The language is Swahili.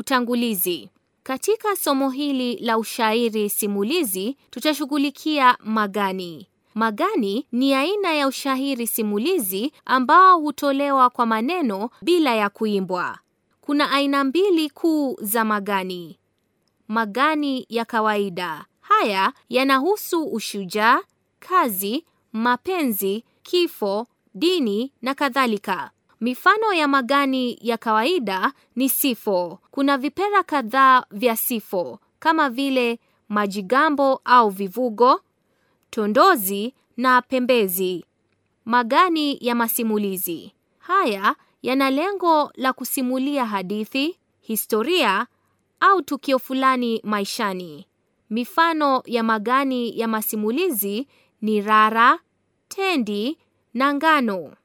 Utangulizi. Katika somo hili la ushairi simulizi tutashughulikia magani. Magani ni aina ya ushairi simulizi ambao hutolewa kwa maneno bila ya kuimbwa. Kuna aina mbili kuu za magani. Magani ya kawaida. Haya yanahusu ushujaa, kazi, mapenzi, kifo, dini na kadhalika. Mifano ya magani ya kawaida ni sifo. Kuna vipera kadhaa vya sifo kama vile majigambo au vivugo, tondozi na pembezi. Magani ya masimulizi haya yana lengo la kusimulia hadithi, historia au tukio fulani maishani. Mifano ya magani ya masimulizi ni rara, tendi na ngano.